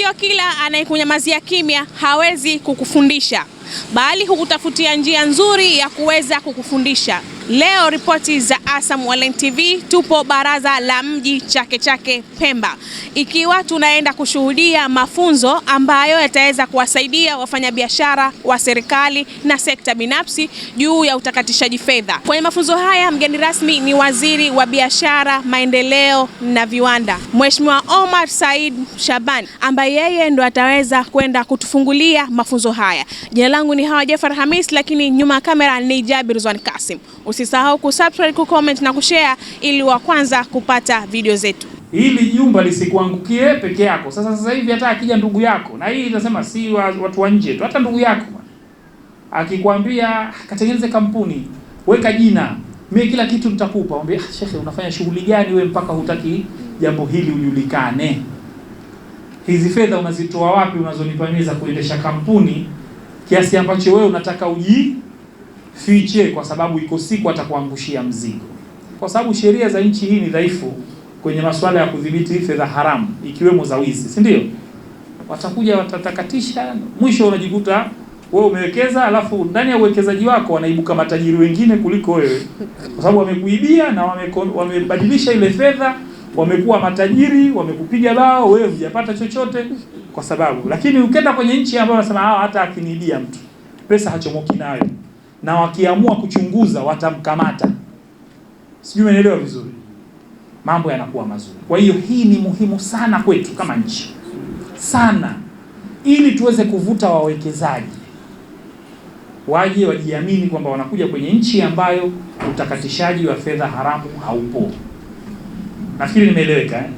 Sio kila anayekunyamazia kimya hawezi kukufundisha, bali hukutafutia njia nzuri ya kuweza kukufundisha. Leo ripoti za ASAM Online TV, tupo baraza la mji Chake Chake Pemba, ikiwa tunaenda kushuhudia mafunzo ambayo yataweza kuwasaidia wafanyabiashara wa serikali na sekta binafsi juu ya utakatishaji fedha. Kwenye mafunzo haya, mgeni rasmi ni waziri wa biashara, maendeleo na viwanda, Mheshimiwa Omar Said Shaban, ambaye yeye ndo ataweza kwenda kutufungulia mafunzo haya. Jina langu ni Hawa Jafar Hamis, lakini nyuma ya kamera ni Jabir Zwan Kasim. Usisahau kusubscribe, kucomment na kushare ili wa kwanza kupata video zetu. Hili jumba lisikuangukie peke yako. Sasa sasa hivi hata akija ndugu yako, na hii itasema si watu wa nje tu, hata ndugu yako akikwambia katengeneze kampuni, weka jina, mimi kila kitu nitakupa, mwambie ah, shekhe, unafanya shughuli gani wewe mpaka hutaki jambo hili ujulikane? Hizi fedha unazitoa wapi unazonipa mimi za kuendesha kampuni kiasi ambacho wewe unataka uji fiche, kwa sababu iko siku atakuangushia mzigo, kwa sababu sheria za nchi hii ni dhaifu kwenye masuala ya kudhibiti fedha haramu ikiwemo za wizi, si ndio? Watakuja watatakatisha, mwisho unajikuta wewe umewekeza, alafu ndani ya uwekezaji wako wanaibuka matajiri wengine kuliko wewe, kwa sababu wamekuibia na wamebadilisha ile fedha, wamekuwa matajiri, wamekupiga bao, wewe hujapata chochote kwa sababu. Lakini ukenda kwenye nchi ambayo wanasema ah, hata akiniibia mtu pesa hachomoki nayo na wakiamua kuchunguza watamkamata. Sijui umeelewa vizuri, mambo yanakuwa mazuri. Kwa hiyo hii ni muhimu sana kwetu kama nchi sana, ili tuweze kuvuta wawekezaji waje wajiamini kwamba wanakuja kwenye nchi ambayo utakatishaji wa fedha haramu haupo. Nafikiri nimeeleweka eh?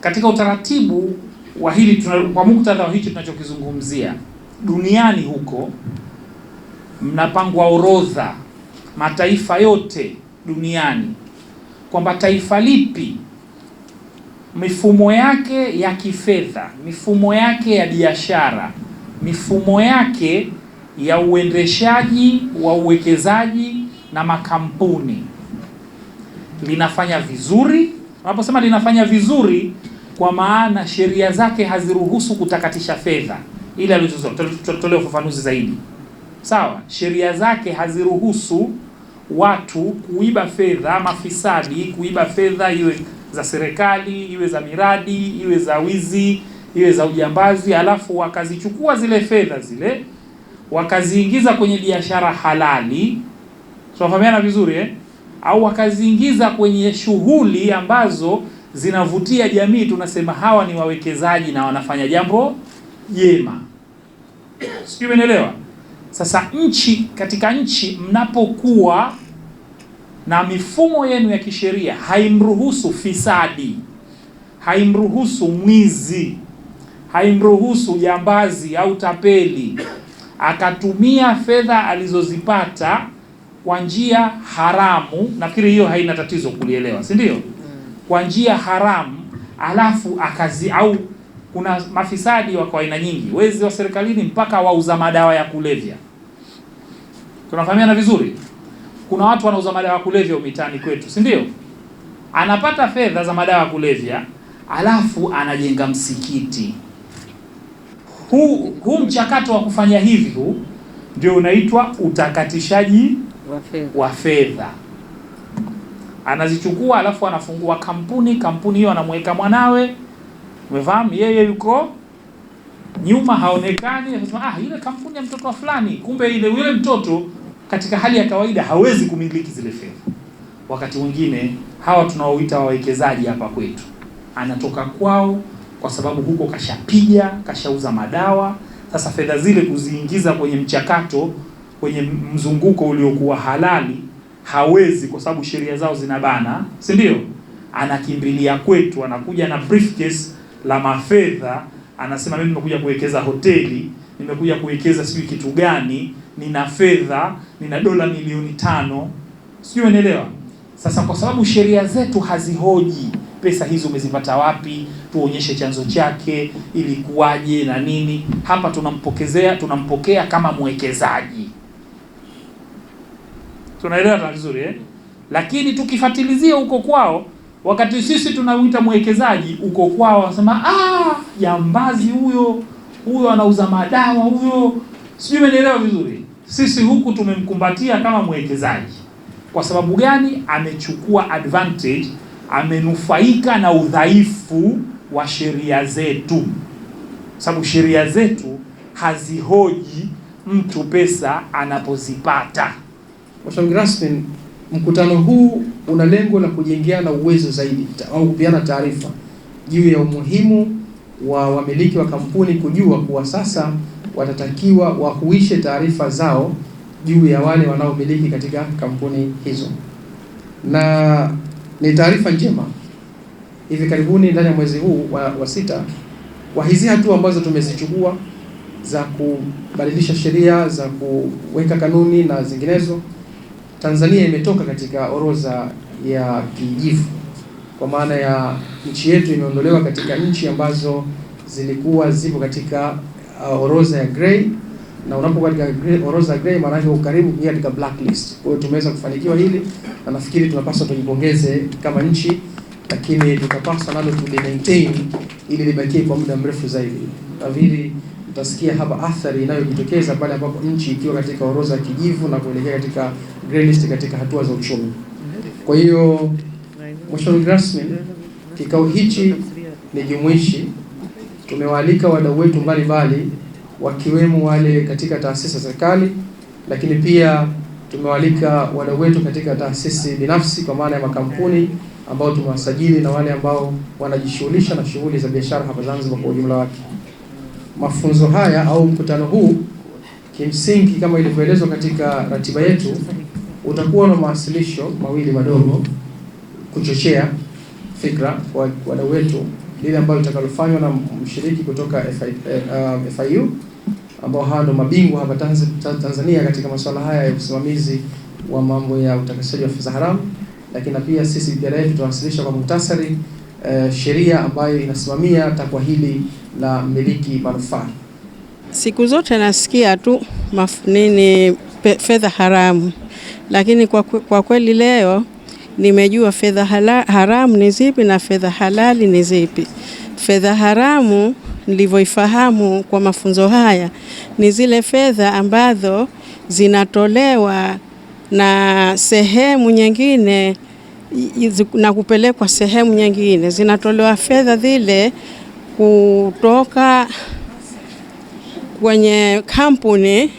Katika utaratibu wa hili kwa muktadha wa hichi tunachokizungumzia duniani huko mnapangwa orodha mataifa yote duniani kwamba taifa lipi mifumo yake ya kifedha, mifumo yake ya biashara, mifumo yake ya uendeshaji wa uwekezaji na makampuni linafanya vizuri. Unaposema linafanya vizuri, kwa maana sheria zake haziruhusu kutakatisha fedha, ili Tutolee ufafanuzi zaidi sawa, sheria zake haziruhusu watu kuiba fedha, mafisadi kuiba fedha, iwe za serikali, iwe za miradi, iwe za wizi, iwe za ujambazi, alafu wakazichukua zile fedha zile wakaziingiza kwenye biashara halali, tunafahamiana vizuri eh? Au wakaziingiza kwenye shughuli ambazo zinavutia jamii, tunasema hawa ni wawekezaji na wanafanya jambo jema, sijui sasa nchi katika nchi, mnapokuwa na mifumo yenu ya kisheria haimruhusu fisadi, haimruhusu mwizi, haimruhusu jambazi au tapeli akatumia fedha alizozipata kwa njia haramu. Nafikiri hiyo haina tatizo kulielewa, si ndio? Mm. Kwa njia haramu alafu akazi au kuna mafisadi wako aina nyingi, wezi wa serikalini mpaka wauza madawa ya kulevya tunafahamiana vizuri. Kuna watu wanauza madawa ya kulevya mitaani kwetu, si ndio? Anapata fedha za madawa ya kulevya alafu anajenga msikiti. Huu hu mchakato wa kufanya hivi ndio unaitwa utakatishaji wa fedha. Anazichukua alafu anafungua kampuni. Kampuni hiyo anamweka mwanawe, umefahamu, yeye yuko nyuma haonekani, anasema ah, yule kampuni ya mtoto wa fulani, kumbe ile yule mtoto katika hali ya kawaida hawezi kumiliki zile fedha. Wakati mwingine hawa tunaoita wawekezaji hapa kwetu, anatoka kwao kwa sababu huko kashapiga, kashauza madawa. Sasa fedha zile kuziingiza kwenye mchakato, kwenye mzunguko uliokuwa halali hawezi, kwa sababu sheria zao zinabana, si ndio? Anakimbilia kwetu, anakuja na briefcase la mafedha, anasema mimi nimekuja kuwekeza hoteli, nimekuja kuwekeza sijui kitu gani nina fedha, nina dola milioni tano, sijui umeelewa? Sasa kwa sababu sheria zetu hazihoji pesa hizo umezipata wapi, tuonyeshe chanzo chake, ilikuwaje na nini. Hapa tunampokezea tunampokea kama mwekezaji, tunaelewa vizuri eh? Lakini tukifatilizia huko kwao, wakati sisi tunauita mwekezaji, huko kwao wanasema ah, jambazi huyo huyo, anauza madawa huyo, sijui umeelewa vizuri sisi huku tumemkumbatia kama mwekezaji. Kwa sababu gani? Amechukua advantage, amenufaika na udhaifu wa sheria zetu, sababu sheria zetu hazihoji mtu pesa anapozipata. Washauri rasmi, mkutano huu una lengo la kujengeana uwezo zaidi au kupeana taarifa juu ya umuhimu wa wamiliki wa kampuni kujua kuwa sasa watatakiwa wahuishe taarifa zao juu ya wale wanaomiliki katika kampuni hizo, na ni taarifa njema. Hivi karibuni ndani ya mwezi huu wa, wa sita kwa hizi hatua ambazo tumezichukua za kubadilisha sheria za kuweka kanuni na zinginezo, Tanzania imetoka katika orodha ya kijivu, kwa maana ya nchi yetu imeondolewa katika nchi ambazo zilikuwa zipo katika uh, orodha ya grey, na unapo katika orodha ya grey, maana yake ukaribu kuingia katika blacklist. Kwa hiyo tumeweza kufanikiwa hili, na nafikiri tunapaswa tujipongeze kama nchi, lakini tutapaswa nalo tuli maintain ili libakie kwa muda mrefu zaidi. Nafikiri tutasikia hapa athari inayojitokeza pale ambapo nchi ikiwa katika orodha ya kijivu na kuelekea katika grey list katika hatua za uchumi. Kwa hiyo mheshimiwa rasmi, kikao hichi ni jumuishi tumewaalika wadau wetu mbalimbali wakiwemo wale katika taasisi za serikali, lakini pia tumewaalika wadau wetu katika taasisi binafsi kwa maana ya makampuni ambao tumewasajili na wale ambao wanajishughulisha na shughuli za biashara hapa Zanzibar kwa ujumla wake. Mafunzo haya au mkutano huu kimsingi, kama ilivyoelezwa katika ratiba yetu, utakuwa na mawasilisho mawili madogo kuchochea fikra kwa wadau wetu lile ambalo litakalofanywa na mshiriki kutoka FIU eh, um, ambao hawa ndo mabingwa hapa Tanzania katika masuala haya ya usimamizi wa mambo ya utakatishaji wa fedha haramu. Lakini pia sisi BPRA tutawasilisha kwa muhtasari eh, sheria ambayo inasimamia takwa hili la mmiliki manufaa. Siku zote nasikia tu maf, nini fedha haramu, lakini kwa, kwa kweli leo nimejua fedha haramu ni zipi na fedha halali ni zipi. Fedha haramu nilivyoifahamu kwa mafunzo haya ni zile fedha ambazo zinatolewa na sehemu nyingine na kupelekwa sehemu nyingine, zinatolewa fedha zile kutoka kwenye kampuni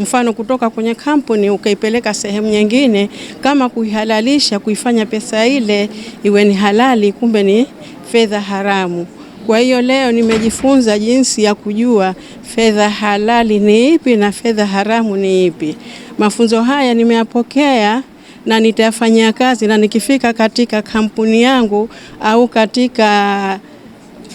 mfano kutoka kwenye kampuni ukaipeleka sehemu nyingine, kama kuihalalisha, kuifanya pesa ile iwe ni halali, kumbe ni fedha haramu. Kwa hiyo leo nimejifunza jinsi ya kujua fedha halali ni ipi na fedha haramu ni ipi. Mafunzo haya nimeyapokea na nitayafanyia kazi, na nikifika katika kampuni yangu au katika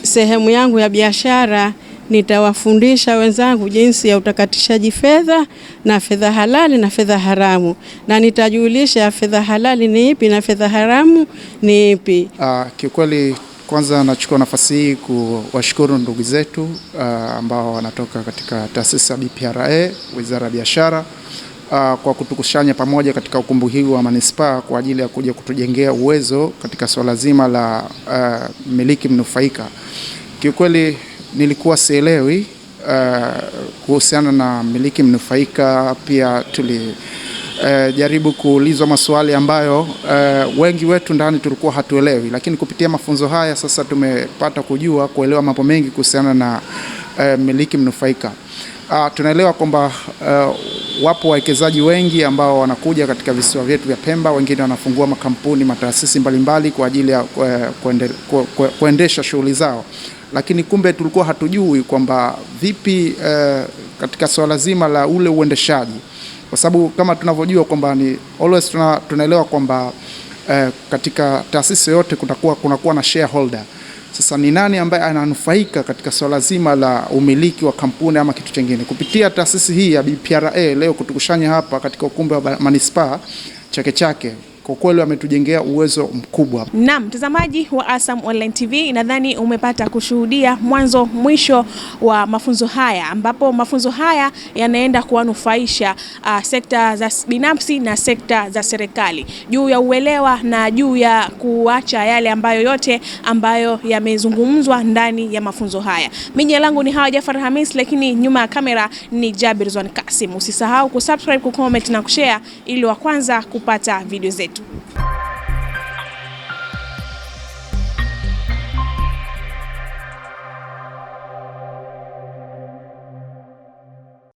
sehemu yangu ya biashara nitawafundisha wenzangu jinsi ya utakatishaji fedha na fedha halali na fedha haramu, na nitajulisha fedha halali ni ipi na fedha haramu ni ipi. Uh, kiukweli kwanza nachukua nafasi hii kuwashukuru ndugu zetu uh, ambao wanatoka katika taasisi ya BPRA, Wizara ya Biashara uh, kwa kutukushanya pamoja katika ukumbi huu wa manispaa kwa ajili ya kuja kutujengea uwezo katika swala zima la uh, miliki mnufaika. Kiukweli nilikuwa sielewi uh, kuhusiana na mmiliki mnufaika. Pia tulijaribu uh, kuulizwa maswali ambayo uh, wengi wetu ndani tulikuwa hatuelewi, lakini kupitia mafunzo haya sasa tumepata kujua kuelewa mambo mengi kuhusiana na mmiliki uh, mnufaika. Uh, tunaelewa kwamba uh, wapo wawekezaji wengi ambao wanakuja katika visiwa vyetu vya Pemba. Wengine wanafungua makampuni, mataasisi mbalimbali kwa ajili ya uh, kuendesha shughuli zao lakini kumbe tulikuwa hatujui kwamba vipi e, katika swala zima la ule uendeshaji, kwa sababu kama tunavyojua kwamba ni always tuna, tunaelewa kwamba e, katika taasisi yoyote kutakuwa kunakuwa na shareholder. Sasa ni nani ambaye ananufaika katika swala zima la umiliki wa kampuni ama kitu chengine? Kupitia taasisi hii ya BPRA leo kutukushanya hapa katika ukumbi wa manispaa Chake Chake kwa kweli ametujengea uwezo mkubwa. Naam, mtazamaji wa ASAM Online TV, nadhani umepata kushuhudia mwanzo mwisho wa mafunzo haya, ambapo mafunzo haya yanaenda kuwanufaisha uh, sekta za binafsi na sekta za serikali juu ya uelewa na juu ya kuacha yale ambayo yote ambayo yamezungumzwa ndani ya mafunzo haya. Mimi jina langu ni Hawa Jafar Hamis, lakini nyuma ya kamera ni Jabir Zwan Kasim. Usisahau kusubscribe, kucomment na kushare ili wa kwanza kupata video zetu. week.